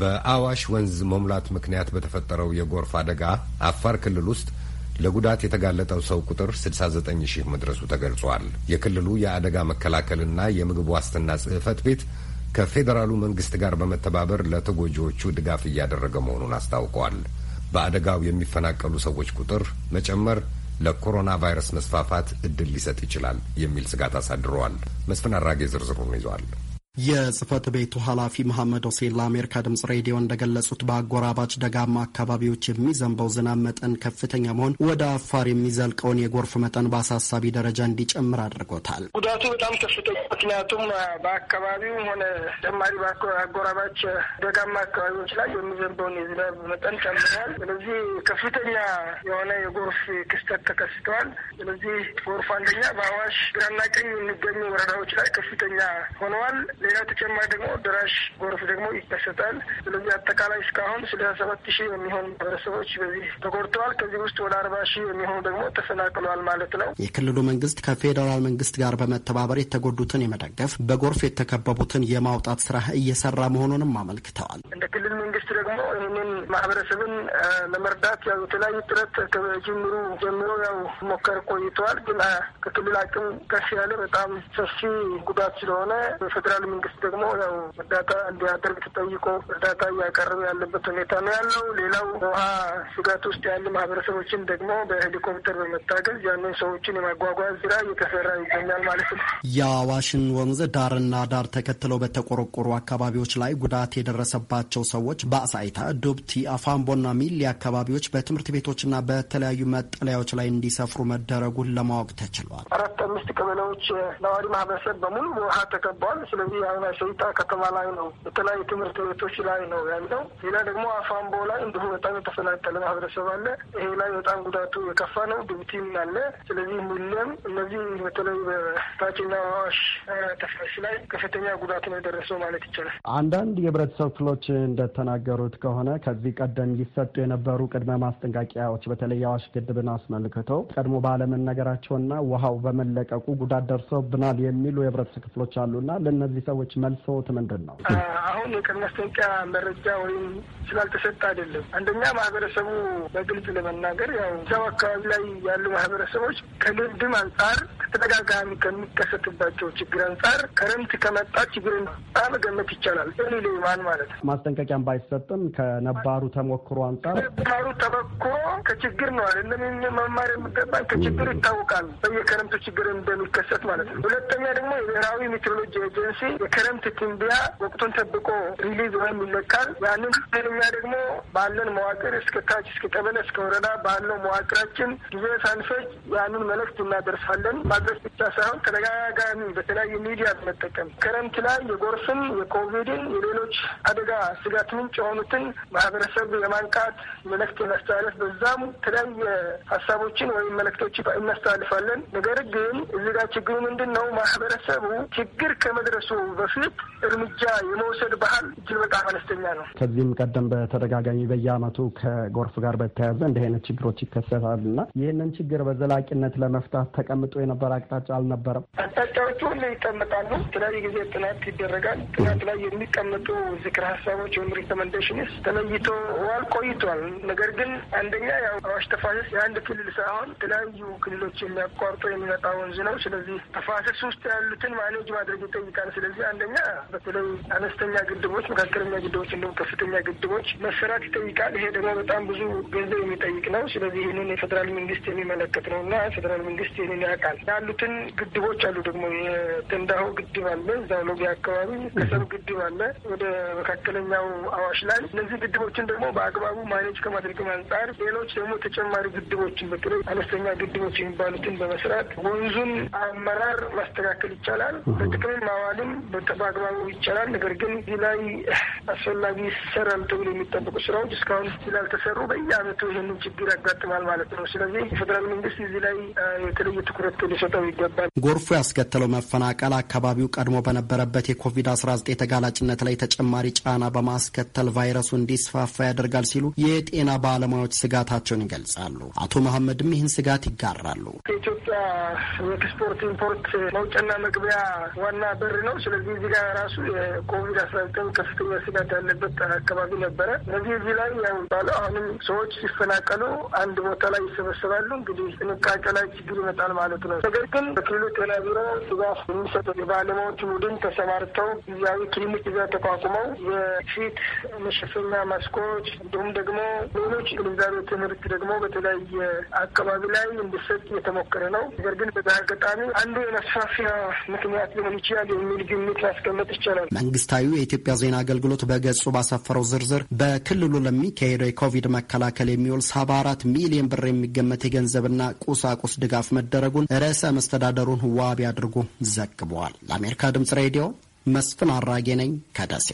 በአዋሽ ወንዝ መሙላት ምክንያት በተፈጠረው የጎርፍ አደጋ አፋር ክልል ውስጥ ለጉዳት የተጋለጠው ሰው ቁጥር 69 ሺህ መድረሱ ተገልጿል። የክልሉ የአደጋ መከላከልና የምግብ ዋስትና ጽህፈት ቤት ከፌዴራሉ መንግስት ጋር በመተባበር ለተጎጂዎቹ ድጋፍ እያደረገ መሆኑን አስታውቋል። በአደጋው የሚፈናቀሉ ሰዎች ቁጥር መጨመር ለኮሮና ቫይረስ መስፋፋት እድል ሊሰጥ ይችላል የሚል ስጋት አሳድረዋል። መስፍን አራጌ ዝርዝሩን ይዟል። የጽህፈት ቤቱ ኃላፊ መሐመድ ሁሴን ለአሜሪካ ድምጽ ሬዲዮ እንደገለጹት በአጎራባች ደጋማ አካባቢዎች የሚዘንበው ዝናብ መጠን ከፍተኛ መሆን ወደ አፋር የሚዘልቀውን የጎርፍ መጠን በአሳሳቢ ደረጃ እንዲጨምር አድርጎታል። ጉዳቱ በጣም ከፍተኛ፣ ምክንያቱም በአካባቢውም ሆነ ተጨማሪ በአጎራባች ደጋማ አካባቢዎች ላይ የሚዘንበውን የዝናብ መጠን ጨምሯል። ስለዚህ ከፍተኛ የሆነ የጎርፍ ክስተት ተከስተዋል። ስለዚህ ጎርፍ አንደኛ በአዋሽ ግራና ቀኝ የሚገኙ ወረዳዎች ላይ ከፍተኛ ሆነዋል። ሌላ ተጨማሪ ደግሞ ደራሽ ጎርፍ ደግሞ ይከሰታል። ስለዚህ አጠቃላይ እስካሁን ስልሳ ሰባት ሺህ የሚሆኑ ማህበረሰቦች በዚህ ተጎድተዋል። ከዚህ ውስጥ ወደ አርባ ሺህ የሚሆኑ ደግሞ ተፈናቅሏል ማለት ነው። የክልሉ መንግስት ከፌዴራል መንግስት ጋር በመተባበር የተጎዱትን የመደገፍ በጎርፍ የተከበቡትን የማውጣት ስራ እየሰራ መሆኑንም አመልክተዋል። እንደ ክልል መንግስት ደግሞ ይህንን ማህበረሰብን ለመርዳት ያው የተለያዩ ጥረት ከጅምሩ ጀምሮ ያው ሞከር ቆይተዋል። ግን ከክልል አቅም ከፍ ያለ በጣም ሰፊ ጉዳት ስለሆነ የፌዴራል መንግስት ደግሞ ያው እርዳታ እንዲያደርግ ተጠይቆ እርዳታ እያቀረበ ያለበት ሁኔታ ነው ያለው። ሌላው ውሃ ስጋት ውስጥ ያሉ ማህበረሰቦችን ደግሞ በሄሊኮፕተር በመታገዝ ያንን ሰዎችን የማጓጓዝ ስራ እየተሰራ ይገኛል ማለት ነው። የአዋሽን ወንዝ ዳርና ዳር ተከትለው በተቆረቆሩ አካባቢዎች ላይ ጉዳት የደረሰባቸው ሰዎች በአሳ ሳይታ ዶብቲ፣ አፋምቦና ሚሊ አካባቢዎች በትምህርት ቤቶችና በተለያዩ መጠለያዎች ላይ እንዲሰፍሩ መደረጉን ለማወቅ ተችሏል። አራት አምስት ቀበሌዎች ነዋሪ ማህበረሰብ በሙሉ በውሃ ተከቧል። ስለዚህ አይና ሰይጣ ከተማ ላይ ነው፣ በተለያዩ ትምህርት ቤቶች ላይ ነው ያለው። ሌላ ደግሞ አፋምቦ ላይ እንዲሁ በጣም የተፈናቀለ ማህበረሰብ አለ። ይሄ ላይ በጣም ጉዳቱ የከፋ ነው። ዶብቲም አለ። ስለዚህ ሚሊም እነዚህ በተለይ በታችና ዋሽ ተፋሽ ላይ ከፍተኛ ጉዳት ነው የደረሰው ማለት ይቻላል። አንዳንድ የህብረተሰብ ክፍሎች እንደተናገሩት እንደሚሉት ከሆነ ከዚህ ቀደም ይሰጡ የነበሩ ቅድመ ማስጠንቀቂያዎች በተለይ አዋሽ ግድብን አስመልክተው ቀድሞ ባለመነገራቸውና ውሃው በመለቀቁ ጉዳት ደርሶብናል የሚሉ የህብረተሰብ ክፍሎች አሉና ለእነዚህ ሰዎች መልሶት ምንድን ነው? አሁን የቅድመ ማስጠንቀቂያ መረጃ ወይም ስላልተሰጠ አይደለም። አንደኛ ማህበረሰቡ በግልጽ ለመናገር ያው እዛው አካባቢ ላይ ያሉ ማህበረሰቦች ከልምድም አንጻር ተደጋጋሚ ከሚከሰትባቸው ችግር አንጻር ክረምት ከመጣ ችግርን መገመት ይቻላል። እኔ ማን ማለት ነው። ማስጠንቀቂያም ባይሰጥም ከነባሩ ተሞክሮ አንጻር ነባሩ ተሞክሮ ከችግር ነው አይደለም መማር የምገባን ከችግር ይታወቃል። በየክረምቱ ችግር እንደሚከሰት ማለት ነው። ሁለተኛ ደግሞ የብሔራዊ ሜትሮሎጂ ኤጀንሲ የክረምት ትንቢያ ወቅቱን ጠብቆ ሪሊዝ ወይም ይለካል። ያንን ሌለኛ ደግሞ ባለን መዋቅር እስከ ታች እስከ ቀበሌ እስከ ወረዳ ባለው መዋቅራችን ጊዜ ሳንፈጅ ያንን መልእክት እናደርሳለን። ማድረስ ብቻ ሳይሆን ተደጋጋሚ በተለያዩ ሚዲያ በመጠቀም ክረምት ላይ የጎርፍን፣ የኮቪድን፣ የሌሎች አደጋ ስጋት ምንጭ የሆኑትን ማህበረሰብ የማንቃት መልእክት የማስተላለፍ በዛም የተለያየ ሀሳቦችን ወይም መልእክቶች እናስተላልፋለን። ነገር ግን እዚህ ጋር ችግሩ ምንድን ነው? ማህበረሰቡ ችግር ከመድረሱ በፊት እርምጃ የመውሰድ ባህል እጅግ በጣም አነስተኛ ነው። ከዚህም ቀደም በተደጋጋሚ በየአመቱ ከጎርፍ ጋር በተያያዘ እንዲህ አይነት ችግሮች ይከሰታል እና ይህንን ችግር በዘላቂነት ለመፍታት ተቀምጦ የነበረ የነበረ አቅጣጫ አልነበረም። አቅጣጫዎቹ ሁሉ ይቀመጣሉ። የተለያዩ ጊዜ ጥናት ይደረጋል። ጥናት ላይ የሚቀመጡ ዝክር ሀሳቦች ወይም ሪኮመንዴሽንስ ተለይቶ ዋል ቆይቷል። ነገር ግን አንደኛ ያው አዋሽ ተፋሰስ የአንድ ክልል ሳይሆን የተለያዩ ክልሎች የሚያቋርጦ የሚመጣ ወንዝ ነው። ስለዚህ ተፋሰስ ውስጥ ያሉትን ማኔጅ ማድረግ ይጠይቃል። ስለዚህ አንደኛ በተለይ አነስተኛ ግድቦች፣ መካከለኛ ግድቦች እንዲሁም ከፍተኛ ግድቦች መሰራት ይጠይቃል። ይሄ ደግሞ በጣም ብዙ ገንዘብ የሚጠይቅ ነው። ስለዚህ ይህንን የፌዴራል መንግስት የሚመለከት ነው እና ፌዴራል መንግስት ይህንን ያውቃል። ያሉትን ግድቦች አሉ። ደግሞ የገንዳሆ ግድብ አለ፣ እዛው ሎጊያ አካባቢ ከሰም ግድብ አለ፣ ወደ መካከለኛው አዋሽ ላይ። እነዚህ ግድቦችን ደግሞ በአግባቡ ማኔጅ ከማድረግ አንጻር ሌሎች ደግሞ ተጨማሪ ግድቦችን በተለይ አነስተኛ ግድቦች የሚባሉትን በመስራት ወንዙን አመራር ማስተካከል ይቻላል። በጥቅምም ማዋልም በአግባቡ ይቻላል። ነገር ግን እዚህ ላይ አስፈላጊ ይሰራል ተብሎ የሚጠበቁ ስራዎች እስካሁን ስላልተሰሩ በየአመቱ ይህንን ችግር ያጋጥማል ማለት ነው። ስለዚህ የፌዴራል መንግስት እዚህ ላይ የተለየ ትኩረት ሊሰ ሊሰጠው ይገባል። ጎርፉ ያስከተለው መፈናቀል አካባቢው ቀድሞ በነበረበት የኮቪድ-19 ተጋላጭነት ላይ ተጨማሪ ጫና በማስከተል ቫይረሱ እንዲስፋፋ ያደርጋል ሲሉ የጤና ባለሙያዎች ስጋታቸውን ይገልጻሉ። አቶ መሐመድም ይህን ስጋት ይጋራሉ። የኢትዮጵያ የኤክስፖርት ኢምፖርት መውጫና መግቢያ ዋና በር ነው። ስለዚህ እዚህ ጋር ራሱ የኮቪድ-19 ከፍተኛ ስጋት ያለበት አካባቢ ነበረ። ስለዚህ እዚህ ላይ ያው ባለው አሁንም ሰዎች ሲፈናቀሉ አንድ ቦታ ላይ ይሰበሰባሉ። እንግዲህ ጥንቃቄ ላይ ችግር ይመጣል ማለት ነው። ነገር ግን በክልሉ ጤና ቢሮ ድጋፍ የሚሰጡ የባለሙያዎች ቡድን ተሰማርተው ጊዜያዊ ክሊኒክ ይዛ ተቋቁመው የፊት መሸፈኛ ማስኮች፣ እንዲሁም ደግሞ ሌሎች ግንዛቤ ትምህርት ደግሞ በተለያየ አካባቢ ላይ እንዲሰጥ እየተሞከረ ነው። ነገር ግን በዛ አጋጣሚ አንዱ የመስፋፊያ ምክንያት ሊሆን ይችላል የሚል ግምት ማስቀመጥ ይቻላል። መንግስታዊ የኢትዮጵያ ዜና አገልግሎት በገጹ ባሰፈረው ዝርዝር በክልሉ ለሚካሄደው የኮቪድ መከላከል የሚውል ሰባ አራት ሚሊዮን ብር የሚገመት የገንዘብና ቁሳቁስ ድጋፍ መደረጉን ርዕሰ ርዕሰ መስተዳደሩን ዋቢ አድርጎ ዘግበዋል። ለአሜሪካ ድምፅ ሬዲዮ መስፍን አራጌ ነኝ ከደሴ